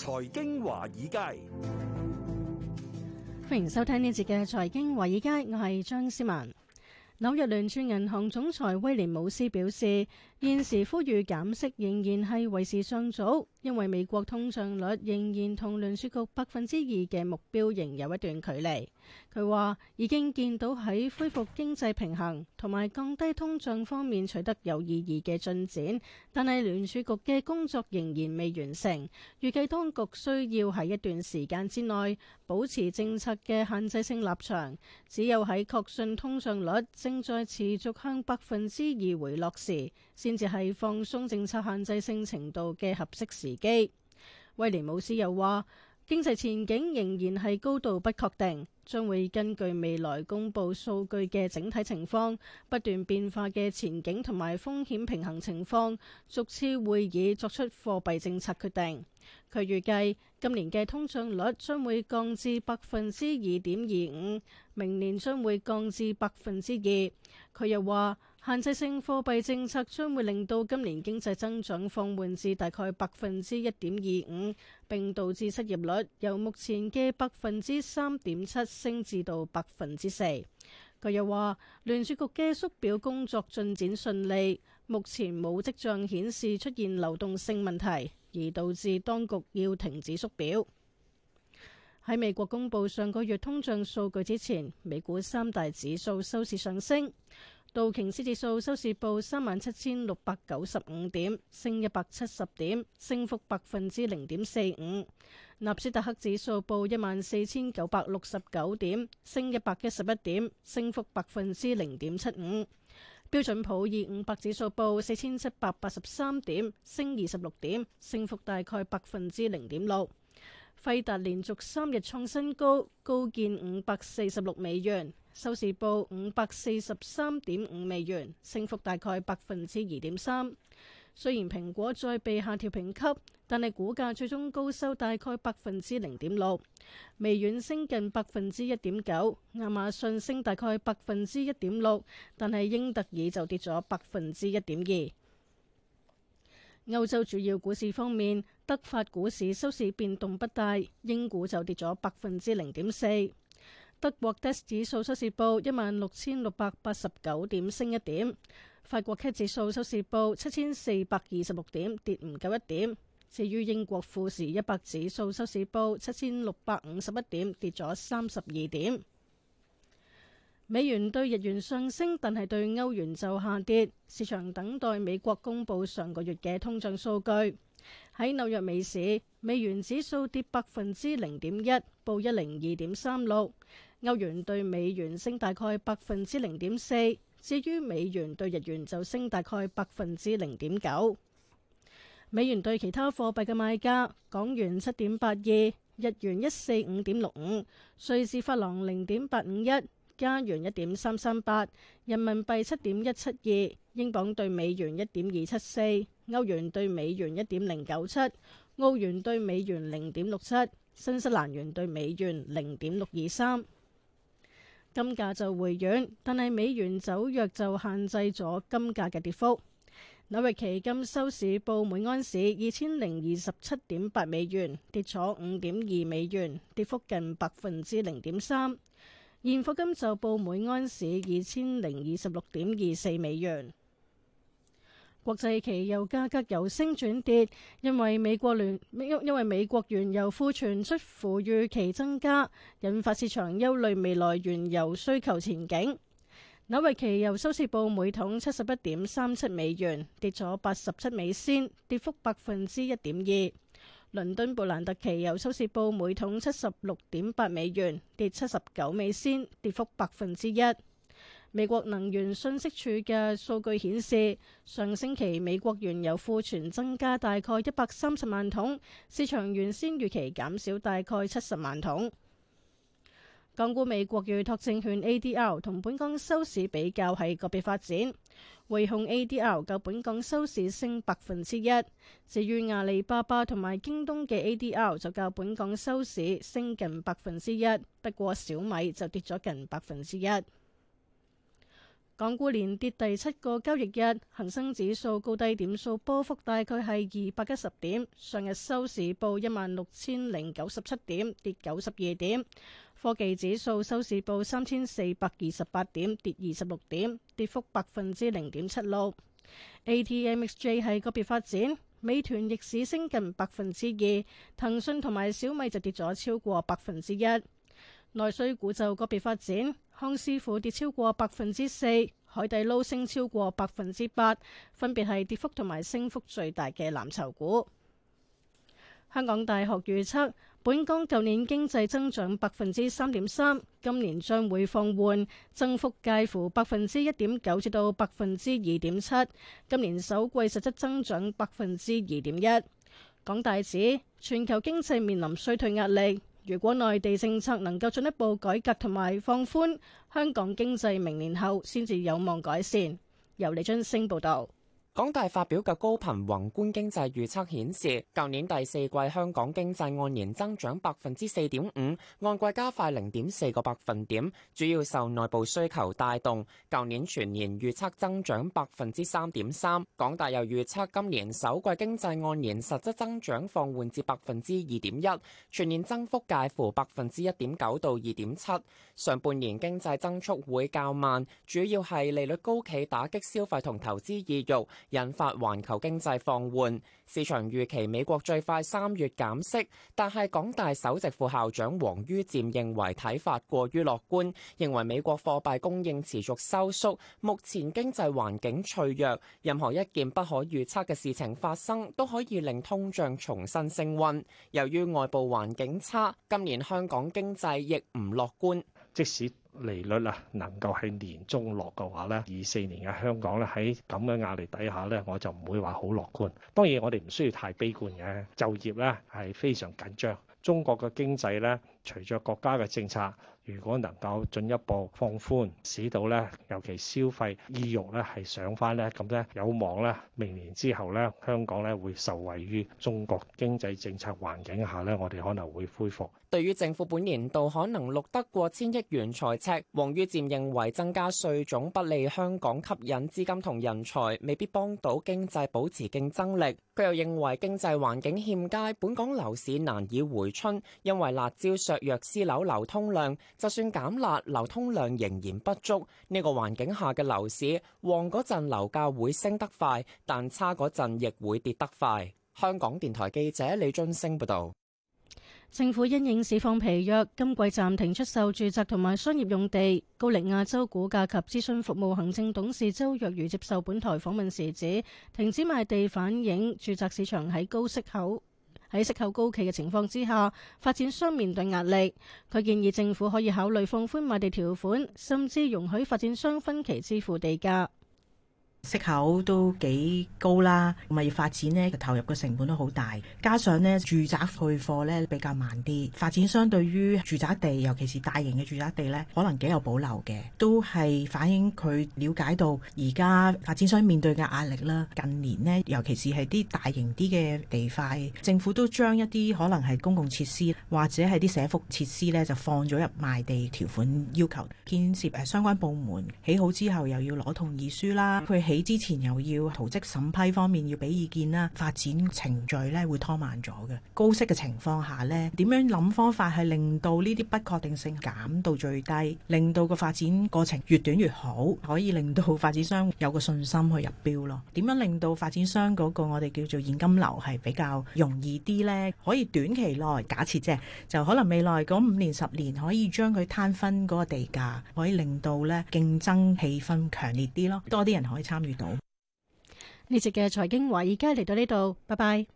財經華爾街，歡迎收聽呢節嘅財經華爾街，我係張思文。紐約聯儲銀行總裁威廉姆斯表示，現時呼籲減息仍然係為時尚早，因為美國通脹率仍然同聯儲局百分之二嘅目標仍有一段距離。佢話已經見到喺恢復經濟平衡同埋降低通脹方面取得有意義嘅進展，但係聯儲局嘅工作仍然未完成。預計當局需要喺一段時間之內保持政策嘅限制性立場，只有喺確信通脹率正在持續向百分之二回落時，先至係放鬆政策限制性程度嘅合適時機。威廉姆斯又話。經濟前景仍然係高度不確定，將會根據未來公布數據嘅整體情況、不斷變化嘅前景同埋風險平衡情況，逐次會議作出貨幣政策決定。佢預計今年嘅通脹率將會降至百分之二點二五，明年將會降至百分之二。佢又話：限制性貨幣政策將會令到今年經濟增長放緩至大概百分之一點二五，並導致失業率由目前嘅百分之三點七升至到百分之四。佢又話聯儲局嘅縮表工作進展順利，目前冇跡象顯示出現流動性問題，而導致當局要停止縮表。喺美國公布上個月通脹數據之前，美股三大指數收市上升。道瓊斯指數收市報三萬七千六百九十五點，升一百七十點，升幅百分之零點四五。納斯達克指數報一萬四千九百六十九點，升一百一十一點，升幅百分之零點七五。標準普爾五百指數報四千七百八十三點，升二十六點，升幅大概百分之零點六。費達連續三日創新高，高見五百四十六美元。.收市報五百四十三點五美元，升幅大概百分之二點三。雖然蘋果再被下調評級，但係股價最終高收大概百分之零點六，微軟升近百分之一點九。亞馬遜升大概百分之一點六，但係英特爾就跌咗百分之一點二。歐洲主要股市方面，德法股市收市變動不大，英股就跌咗百分之零點四。德國 DAX 指數收市報一萬六千六百八十九點，升一點。法國 CAC 指數收市報七千四百二十六點，跌唔夠一點。至於英國富時一百指數收市報七千六百五十一點，跌咗三十二點。美元對日元上升，但係對歐元就下跌。市場等待美國公布上個月嘅通脹數據。喺紐約美市，美元指數跌百分之零點一，報一零二點三六。歐元對美元升大概百分之零點四，至於美元對日元就升大概百分之零點九。美元對其他貨幣嘅賣價：港元七點八二，日元一四五點六五，瑞士法郎零點八五一，加元一點三三八，人民幣七點一七二，英鎊對美元一點二七四，歐元對美元一點零九七，澳元對美元零點六七，新西蘭元對美元零點六二三。金價就回軟，但係美元走弱就限制咗金價嘅跌幅。紐約期金收市報每安士二千零二十七點八美元，跌咗五點二美元，跌幅近百分之零點三。現貨金就報每安士二千零二十六點二四美元。國際期油價格由升轉跌，因為美國聯因為美國原油庫存出乎預期增加，引發市場憂慮未來原油需求前景。紐約期油收市報每桶七十一點三七美元，跌咗八十七美仙，跌幅百分之一點二。倫敦布蘭特期油收市報每桶七十六點八美元，跌七十九美仙，跌幅百分之一。美國能源信息處嘅數據顯示，上星期美國原油庫存增加大概一百三十萬桶，市場原先預期減少大概七十萬桶。港股美國預託證券 ADR 同本港收市比較係個別發展，匯控 ADR 較本港收市升百分之一，至於阿里巴巴同埋京東嘅 ADR 就較本港收市升近百分之一，不過小米就跌咗近百分之一。港股連跌第七個交易日，恒生指數高低點數波幅大概係二百一十點，上日收市報一萬六千零九十七點，跌九十二點。科技指數收市報三千四百二十八點，跌二十六點，跌幅百分之零點七六。ATMXJ 係個別發展，美團逆市升近百分之二，騰訊同埋小米就跌咗超過百分之一。內需股就個別發展，康師傅跌超過百分之四，海底撈升超過百分之八，分別係跌幅同埋升幅最大嘅藍籌股。香港大學預測，本港舊年經濟增長百分之三點三，今年將會放緩，增幅介乎百分之一點九至到百分之二點七。今年首季實質增長百分之二點一。港大指，全球經濟面臨衰退壓力。如果內地政策能夠進一步改革同埋放寬，香港經濟明年後先至有望改善。由李津升報導。港大發表嘅高頻宏觀經濟預測顯示，舊年第四季香港經濟按年增長百分之四點五，按季加快零點四個百分點，主要受內部需求帶動。舊年全年預測增長百分之三點三，港大又預測今年首季經濟按年實質增長放緩至百分之二點一，全年增幅介乎百分之一點九到二點七。上半年經濟增速會較慢，主要係利率高企打擊消費同投資意欲。引發環球經濟放緩，市場預期美國最快三月減息，但係港大首席副校長王于漸認為睇法過於樂觀，認為美國貨幣供應持續收縮，目前經濟環境脆弱，任何一件不可預測嘅事情發生都可以令通脹重新升溫。由於外部環境差，今年香港經濟亦唔樂觀。即使利率啊能夠喺年中落嘅話咧，二四年嘅香港咧喺咁嘅壓力底下咧，我就唔會話好樂觀。當然我哋唔需要太悲觀嘅。就業咧係非常緊張，中國嘅經濟咧。隨着國家嘅政策，如果能夠進一步放寬，使到咧，尤其消費意欲咧係上返咧，咁咧有望咧明年之後咧，香港咧會受惠於中國經濟政策環境下咧，我哋可能會恢復。對於政府本年度可能錄得過千億元財赤，王于漸認為增加稅種不利香港吸引資金同人才，未必幫到經濟保持競爭力。佢又認為經濟環境欠佳，本港樓市難以回春，因為辣招。著弱私樓流通量，就算減辣，流通量仍然不足。呢、這個環境下嘅樓市旺嗰陣樓價會升得快，但差嗰陣亦會跌得快。香港電台記者李津升報道。政府因應市況疲弱，今季暫停，停出售住宅同埋商業用地。高力亞洲股價及諮詢服務行政董事周若如接受本台訪問時指，停止賣地反映住宅市場喺高息口。喺息口高企嘅情況之下，發展商面對壓力。佢建議政府可以考慮放寬買地條款，甚至容許發展商分期支付地價。息口都幾高啦，物業發展呢，投入嘅成本都好大，加上呢，住宅去貨呢比較慢啲，發展商對於住宅地，尤其是大型嘅住宅地呢，可能幾有保留嘅，都係反映佢了解到而家發展商面對嘅壓力啦。近年呢，尤其是係啲大型啲嘅地塊，政府都將一啲可能係公共設施或者係啲社福設施呢就放咗入賣地條款要求建設誒相關部門起好之後，又要攞同意書啦，起之前又要圖則審批方面要俾意見啦，發展程序咧會拖慢咗嘅。高息嘅情況下咧，點樣諗方法係令到呢啲不確定性減到最低，令到個發展過程越短越好，可以令到發展商有個信心去入標咯。點樣令到發展商嗰個我哋叫做現金流係比較容易啲咧？可以短期內假設啫，就可能未來嗰五年十年可以將佢攤分嗰個地價，可以令到咧競爭氣氛強烈啲咯，多啲人可以參。遇到呢集嘅財經華爾街，而家嚟到呢度，拜拜。